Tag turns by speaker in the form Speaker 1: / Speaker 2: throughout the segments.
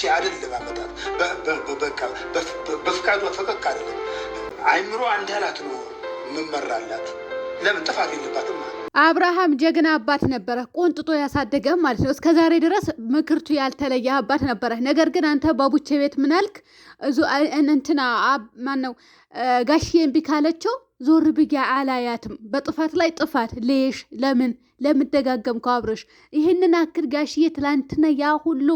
Speaker 1: ትቼ አይደለም አመጣት በፍቃዷ ፈቀቅ አይደለም። አይምሮ አንድ አላት ነው የምመራላት። ለምን ጥፋት የለባትም። አብርሃም ጀግና አባት ነበረ፣ ቆንጥጦ ያሳደገ ማለት ነው። እስከ ዛሬ ድረስ ምክርቱ ያልተለየ አባት ነበረ። ነገር ግን አንተ ባቡቼ ቤት ምናልክ? እንትና ማነው ጋሽዬ እምቢ ካለችው ዞር ብያ አላያትም። በጥፋት ላይ ጥፋት ሌሽ ለምን ለምደጋገም ከአብረሽ ይህንን አክል ጋሽዬ ትላንትና ያ ሁሉ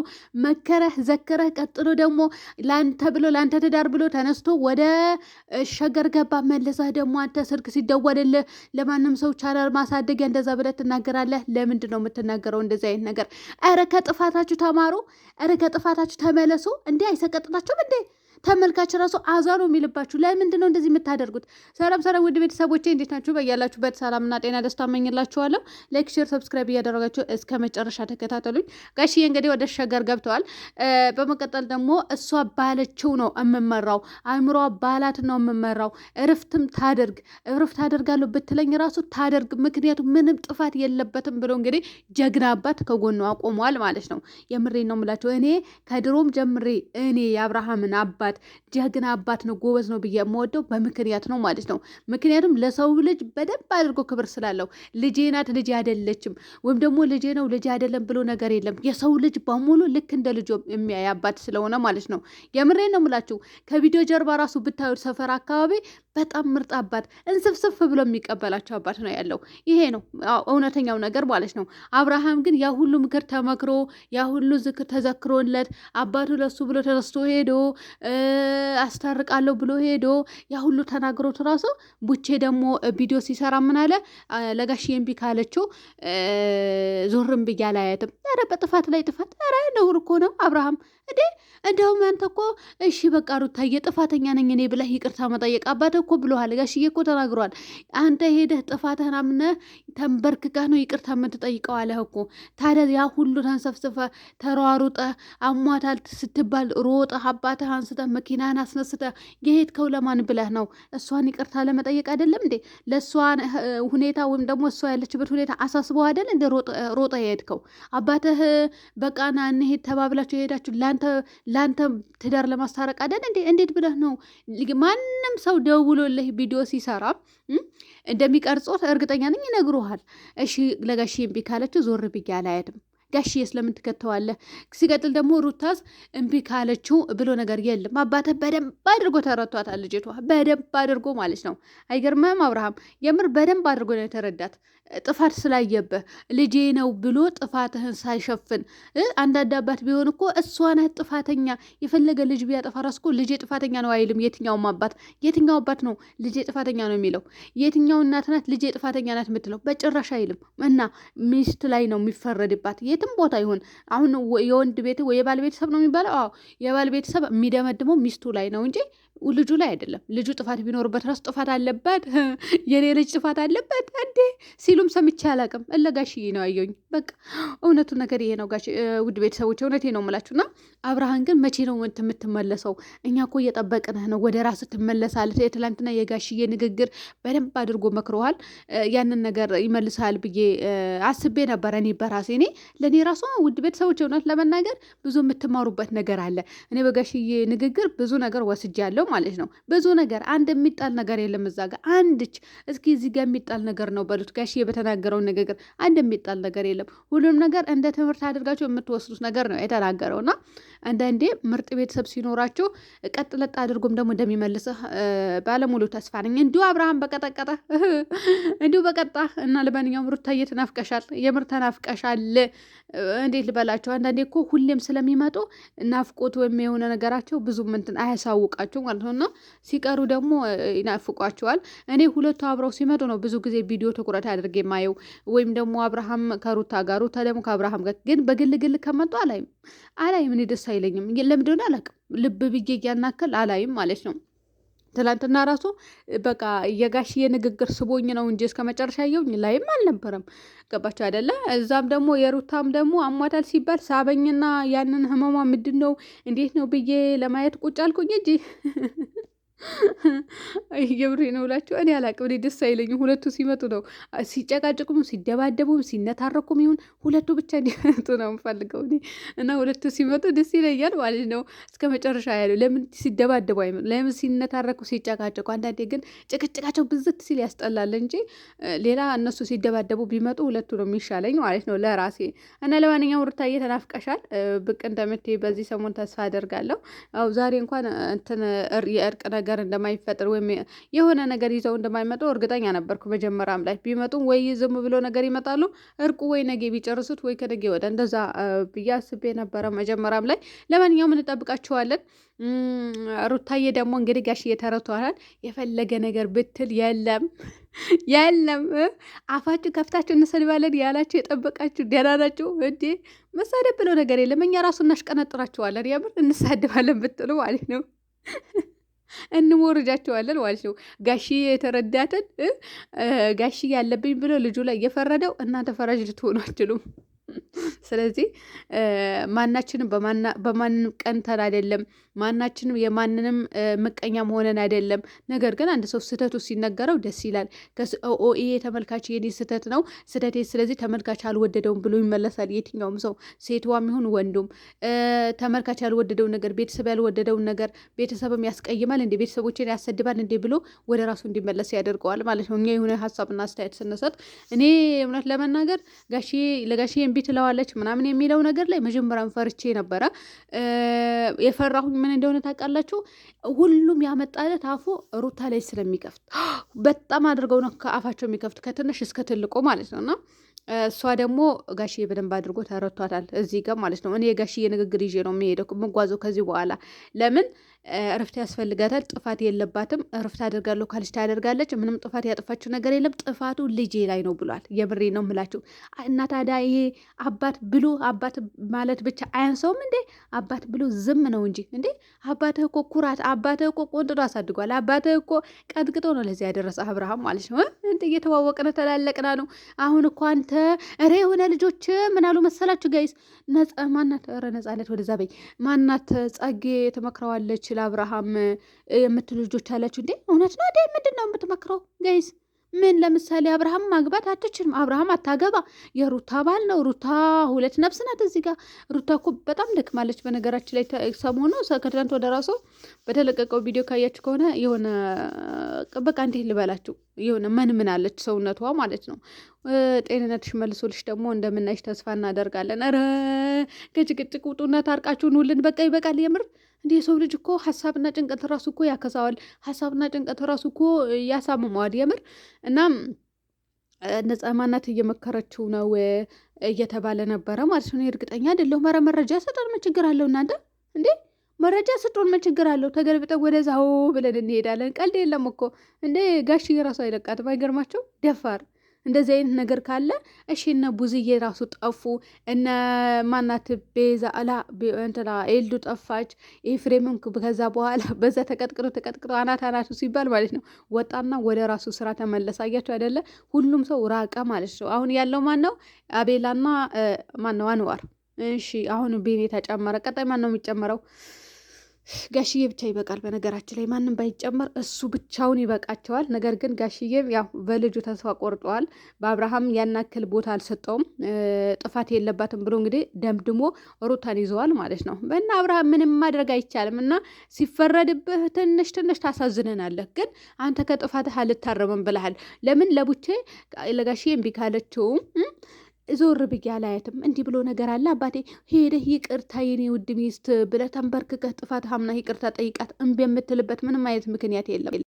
Speaker 1: መከረህ ዘከረህ። ቀጥሎ ደግሞ ላንተ ብሎ ላንተ ትዳር ብሎ ተነስቶ ወደ ሸገር ገባ። መለሰህ ደግሞ አንተ ስልክ ሲደወልልህ ለማንም ሰው ቻናል ማሳደጊያ እንደዛ ብለህ ትናገራለህ። ለምንድን ነው የምትናገረው እንደዚህ አይነት ነገር? ኧረ ከጥፋታችሁ ተማሩ። ኧረ ከጥፋታችሁ ተመለሱ። እንዴ አይሰቀጥታችሁም እንዴ? ተመልካች ራሱ አዛ ነው የሚልባችሁ። ለምንድን ነው እንደዚህ የምታደርጉት? ሰላም ሰላም፣ ውድ ቤተሰቦቼ እንዴት ናችሁ? በያላችሁበት ሰላምና ጤና ደስታ እመኝላችኋለሁ። ላይክ፣ ሼር፣ ሰብስክራይብ እያደረጋችሁ እስከ መጨረሻ ተከታተሉኝ። ጋሽዬ እንግዲህ ወደ ሸገር ገብተዋል። በመቀጠል ደግሞ እሷ ባለችው ነው የምመራው፣ አእምሯ ባላት ነው የምመራው። እርፍትም ታደርግ እርፍት ታደርጋለሁ ብትለኝ ራሱ ታደርግ፣ ምክንያቱም ምንም ጥፋት የለበትም ብሎ እንግዲህ ጀግና አባት ከጎኗ ቆሟል ማለት ነው። የምሬ ነው የምላቸው እኔ ከድሮም ጀምሬ እኔ የአብርሃምን አባት አባት ጀግና አባት ነው፣ ጎበዝ ነው ብዬ የምወደው በምክንያት ነው ማለት ነው። ምክንያቱም ለሰው ልጅ በደንብ አድርጎ ክብር ስላለው ልጄ ናት ልጅ አይደለችም ወይም ደግሞ ልጄ ነው ልጅ አይደለም ብሎ ነገር የለም። የሰው ልጅ በሙሉ ልክ እንደ ልጆ የሚያይ አባት ስለሆነ ማለት ነው። የምሬ ነው ምላችሁ። ከቪዲዮ ጀርባ ራሱ ብታዩ ሰፈር አካባቢ በጣም ምርጥ አባት እንስፍስፍ ብሎ የሚቀበላቸው አባት ነው ያለው። ይሄ ነው እውነተኛው ነገር ማለት ነው። አብርሃም ግን ያ ሁሉ ምክር ተመክሮ ያ ሁሉ ዝክር ተዘክሮለት አባቱ ለሱ ብሎ ተነስቶ ሄዶ አስታርቃለሁ ብሎ ሄዶ ያ ሁሉ ተናግሮት ራሱ ቡቼ ደግሞ ቪዲዮ ሲሰራ ምን አለ ለጋሽ እምቢ ካለችው ዞርም ብያ ላያትም ኧረ በጥፋት ላይ ጥፋት ነውር እኮ ነው አብርሃም እንዴ እንደውም አንተ እኮ እሺ በቃ ሩታዬ ጥፋተኛ ነኝ እኔ ብለህ ይቅርታ መጠየቅ አባት እኮ ብሎሃል፣ ጋሽዬ እኮ ተናግሯል። አንተ ሄደህ ጥፋትህን አምነህ ተንበርክከህ ነው ይቅርታ የምትጠይቀው አለህ እኮ። ታዲያ ያ ሁሉ ተንሰፍስፈህ ተሯሩጠህ አሟታል ስትባል ሮጠህ አባትህ አንስተህ መኪናህን አስነስተህ የሄድከው ለማን ብለህ ነው? እሷን ይቅርታ ለመጠየቅ አይደለም እንዴ? ለእሷ ሁኔታ ወይም ደግሞ እሷ ያለችበት ሁኔታ አሳስበው አይደል እንደ ሮጠህ የሄድከው አባትህ በቃና እንሄድ ተባብላችሁ የሄዳችሁ ለአንተ ለአንተ ትዳር ለማስታረቅ አይደል እንዴ? እንዴት ብለህ ነው ማንም ሰው ደውሎልህ ቪዲዮ ሲሰራ እንደሚቀርጾት እርግጠኛ ነኝ ይነግሩሃል። እሺ ለጋሽ እምቢ ካለችው ዞር ብዬ አላያትም። ጋሽ ስለምን ትከተዋለህ? ሲቀጥል ደግሞ ሩታዝ እምቢ ካለችው ብሎ ነገር የለም። አባተ በደንብ አድርጎ ተረቷታል ልጅቷ፣ በደንብ አድርጎ ማለት ነው። አይገርምህም አብርሃም? የምር በደንብ አድርጎ ነው የተረዳት። ጥፋት ስላየበህ ልጄ ነው ብሎ ጥፋትህን ሳይሸፍን አንዳንድ አባት ቢሆን እኮ እሷ ናት ጥፋተኛ። የፈለገ ልጅ ቢያጠፋ ራሱ እኮ ልጄ ጥፋተኛ ነው አይልም። የትኛውም አባት የትኛው አባት ነው ልጄ ጥፋተኛ ነው የሚለው? የትኛው እናት ናት ልጄ ጥፋተኛ ናት የምትለው? በጭራሽ አይልም። እና ሚስት ላይ ነው የሚፈረድባት የትም ቦታ ይሁን። አሁን የወንድ ቤት ወይ የባል ቤተሰብ ነው የሚባለው። አዎ የባል ቤተሰብ የሚደመድመው ሚስቱ ላይ ነው እንጂ ልጁ ላይ አይደለም። ልጁ ጥፋት ቢኖርበት ራሱ ጥፋት አለበት፣ የኔ ልጅ ጥፋት አለበት እንዴ ሲሉም ሰምቼ አላቅም። እለጋሽ ነው አየኝ። በቃ እውነቱ ነገር ይሄ ነው ጋሽ ውድ ቤተሰቦች፣ እውነቴ ነው የምላችሁ። አብርሃን ግን መቼ ነው የምትመለሰው? እኛ እኮ እየጠበቅንህ ነው፣ ወደ ራስ ትመለሳለህ። የትላንትና የጋሽዬ ንግግር በደንብ አድርጎ መክረዋል። ያንን ነገር ይመልሳል ብዬ አስቤ ነበረ። እኔ በራሴ እኔ ለእኔ ራሱ ውድ ቤተሰቦች፣ እውነት ለመናገር ብዙ የምትማሩበት ነገር አለ። እኔ በጋሽዬ ንግግር ብዙ ነገር ወስጃለሁ። ያለው ማለት ነው። ብዙ ነገር አንድ የሚጣል ነገር የለም እዛ ጋር አንድች እስኪ እዚህ ጋር የሚጣል ነገር ነው በሉት ጋሽ በተናገረው ንግግር አንድ የሚጣል ነገር የለም። ሁሉም ነገር እንደ ትምህርት አድርጋቸው የምትወስዱት ነገር ነው የተናገረው። እና አንዳንዴ ምርጥ ቤተሰብ ሲኖራቸው ቀጥ ለጥ አድርጎም ደግሞ እንደሚመልስህ ባለሙሉ ተስፋ ነኝ። እንዲሁ አብርሃም በቀጠቀጠ እንዲሁ በቀጣ እና ለማንኛውም ሩታዬ ትናፍቀሻል፣ የምር ተናፍቀሻል። እንዴት ልበላቸው አንዳንዴ እኮ ሁሌም ስለሚመጡ ናፍቆት ወይም የሆነ ነገራቸው ብዙ ምንትን አያሳውቃቸው ማለት ነው። እና ሲቀሩ ደግሞ ይናፍቋቸዋል። እኔ ሁለቱ አብረው ሲመጡ ነው ብዙ ጊዜ ቪዲዮ ትኩረት አድርጌ የማየው ወይም ደግሞ አብርሃም ከሩታ ጋር ሩታ ደግሞ ከአብርሃም ጋር። ግን በግል ግል ከመጡ አላይም አላይም፣ እኔ ደስ አይለኝም። ለምንድን ነው አላውቅም። ልብ ብዬ እያናከል አላይም ማለት ነው። ትላንትና ራሱ በቃ የጋሽ የንግግር ስቦኝ ነው እንጂ እስከ መጨረሻ የውኝ ላይም አልነበረም። ገባቸው አይደለ? እዛም ደግሞ የሩታም ደግሞ አሟታል ሲባል ሳበኝና ያንን ህመሟ ምንድን ነው እንዴት ነው ብዬ ለማየት ቁጭ አልኩኝ እንጂ የብሬ ነው ብላችሁ እኔ አላቅም። እኔ ደስ አይለኝም። ሁለቱ ሲመጡ ነው ሲጨቃጭቁም፣ ሲደባደቡም፣ ሲነታረኩም ይሁን ሁለቱ ብቻ እንዲመጡ ነው የምፈልገው እኔ እና ሁለቱ ሲመጡ ደስ ይለኛል ማለት ነው። እስከ መጨረሻ ያለው ለምን ሲደባደቡ አይመጡ፣ ለምን ሲነታረኩ፣ ሲጨቃጭቁ። አንዳንዴ ግን ጭቅጭቃቸው ብዝት ሲል ያስጠላል እንጂ ሌላ እነሱ ሲደባደቡ ቢመጡ ሁለቱ ነው የሚሻለኝ ማለት ነው ለራሴ እና ለማንኛውም ሩታዬ ተናፍቀሻል። ብቅ እንደምትይ በዚህ ሰሞን ተስፋ አደርጋለሁ። ዛሬ እንኳን እንትን የእርቅ ነገር ነገር እንደማይፈጥር ወይም የሆነ ነገር ይዘው እንደማይመጡ እርግጠኛ ነበርኩ። መጀመሪያም ላይ ቢመጡም ወይ ዝም ብሎ ነገር ይመጣሉ እርቁ ወይ ነገ ቢጨርሱት ወይ ከነገ ወደ እንደዛ ብዬ አስቤ ነበረ መጀመሪያም ላይ። ለማንኛውም እንጠብቃቸዋለን። ሩታዬ ደግሞ እንግዲህ ጋሽ እየተረቷል የፈለገ ነገር ብትል የለም የለም አፋችሁ ከፍታችሁ እንሰድባለን ያላችሁ የጠበቃችሁ ደህና ናችሁ እንዴ? መሳደብ ብለው ነገር የለም። እኛ ራሱ እናሽቀነጥራችኋለን። የምር እንሳድባለን ብትሉ ማለት ነው። እንሞርጃቸዋለን ማለት ነው። ጋሺ የተረዳትን ጋሺ ያለብኝ ብሎ ልጁ ላይ የፈረደው እናንተ ፈራጅ ልትሆኑ አትችሉም። ስለዚህ ማናችንም በማንም ቀንተን አይደለም ማናችንም የማንንም ምቀኛም ሆነን አይደለም። ነገር ግን አንድ ሰው ስህተቱ ሲነገረው ደስ ይላል። ይሄ ተመልካች የኔ ስህተት ነው ስህተቴ፣ ስለዚህ ተመልካች አልወደደውም ብሎ ይመለሳል። የትኛውም ሰው ሴትዋም ይሁን ወንዱም ተመልካች ያልወደደው ነገር ቤተሰብ ያልወደደውን ነገር ቤተሰብም ያስቀይማል እንዴ ቤተሰቦችን ያሰድባል እንዴ ብሎ ወደ ራሱ እንዲመለስ ያደርገዋል ማለት ነው። እኛ የሆነ ሀሳብና አስተያየት ስንሰጥ እኔ እውነት ለመናገር ጋሼ ለጋሼ እምቢ ትለዋለች ምናምን የሚለው ነገር ላይ መጀመሪያም ፈርቼ ነበረ የፈራሁኝ ምን እንደሆነ ታውቃላችሁ? ሁሉም ያመጣለት አፉ ሩታ ላይ ስለሚከፍት በጣም አድርገው ነው ከአፋቸው የሚከፍት ከትንሽ እስከ ትልቁ ማለት ነው እና እሷ ደግሞ ጋሽዬ በደንብ አድርጎ ተረቷታል እዚህ ጋር ማለት ነው። እኔ የጋሽዬ ንግግር ይዤ ነው የሚሄደው የምጓዘው ከዚህ በኋላ ለምን እረፍት ያስፈልጋታል። ጥፋት የለባትም። እረፍት አደርጋለሁ ካልች ታደርጋለች። ምንም ጥፋት ያጠፋችው ነገር የለም። ጥፋቱ ልጄ ላይ ነው ብሏል። የምሬ ነው ምላችሁ። እና ታዲያ ይሄ አባት ብሎ አባት ማለት ብቻ አያንሰውም እንዴ? አባት ብሎ ዝም ነው እንጂ እንዴ! አባትህ እኮ ኩራት፣ አባትህ እኮ ቆንጥጦ አሳድጓል። አባትህ እኮ ቀጥቅጦ ነው ለዚህ ያደረሰ አብርሃም ማለት ነው። እንዴ እየተዋወቅን ተላለቅና ነው አሁን እኮ አንተ ሬ የሆነ ልጆች ምናሉ መሰላችሁ ጋይስ? ነጻ ማናት? ረ ነጻነት ወደዛ በይ ማናት? ጸጌ ትመክረዋለች ይችል አብርሃም የምትሉ ልጆች አላችሁ እንዴ? እውነት ነው እንዴ? ምንድን ነው የምትመክረው ገይዝ? ምን ለምሳሌ አብርሃም ማግባት አትችልም፣ አብርሃም አታገባ፣ የሩታ ባል ነው። ሩታ ሁለት ነፍስ ናት። እዚህ ጋር ሩታ እኮ በጣም ደክማለች። በነገራችን ላይ ሰሞኑ ከትናንት ወደ ራሱ በተለቀቀው ቪዲዮ ካያችሁ ከሆነ የሆነ በቃ እንዴት ልበላችሁ የሆነ ምን ምን አለች ሰውነቷ ማለት ነው። ጤንነትሽ መልሶልሽ ደግሞ እንደምናይሽ ተስፋ እናደርጋለን። ኧረ ከጭቅጭቅ ውጡና ታርቃችሁን ውልን በቃ ይበቃል። የምር እንዲህ የሰው ልጅ እኮ ሀሳብና ጭንቀት ራሱ እኮ ያከሳዋል። ሀሳብና ጭንቀት ራሱ እኮ ያሳምመዋል። የምር እናም ነጻማናት እየመከረችው ነው እየተባለ ነበረ ማለት ነው። እርግጠኛ አይደለሁ። ኧረ መረጃ ሰጠን ምን ችግር አለው እናንተ እንዴ? መረጃ ስጡን፣ ምን ችግር አለው? ተገልብጠ ወደዛ ብለን እንሄዳለን። ቀልድ የለም እኮ እንዴ ጋሽ የራሱ አይለቃትም አይገርማቸው ደፋር እንደዚህ አይነት ነገር ካለ እሺ፣ እነ ቡዝዬ ራሱ ጠፉ፣ እነ ማናት ቤዛ አላ እንትና ኤልዱ ጠፋች፣ ኤፍሬምም ከዛ በኋላ በዛ ተቀጥቅሮ ተቀጥቅሮ አናት አናቱ ሲባል ማለት ነው ወጣና ወደ ራሱ ስራ ተመለሰ። አያችሁ አይደለ? ሁሉም ሰው ራቀ ማለት ነው። አሁን ያለው ማን ነው? አቤላና ማን ነው? አንዋር። እሺ፣ አሁን ቤኔ ተጨመረ። ቀጣይ ማን ነው የሚጨመረው? ጋሽዬ ብቻ ይበቃል። በነገራችን ላይ ማንም ባይጨመር እሱ ብቻውን ይበቃቸዋል። ነገር ግን ጋሽዬም ያው በልጁ ተስፋ ቆርጠዋል። በአብርሃም ያናክል ቦታ አልሰጠውም፣ ጥፋት የለባትም ብሎ እንግዲህ ደምድሞ ሩታን ይዘዋል ማለት ነው። በእና አብርሃም ምንም ማድረግ አይቻልም እና ሲፈረድብህ ትንሽ ትንሽ ታሳዝነናለህ። ግን አንተ ከጥፋትህ አልታረምም ብለሃል። ለምን ለቡቼ ለጋሽዬ ቢካለችውም ዞር ብዬ አላያትም። እንዲህ ብሎ ነገር አለ አባቴ ሄደህ ይቅርታ የኔ ውድ ሚስት ብለህ ተንበርክከህ ጥፋት ሀምና ይቅርታ ጠይቃት። እምቢ የምትልበት ምንም አይነት ምክንያት የለም።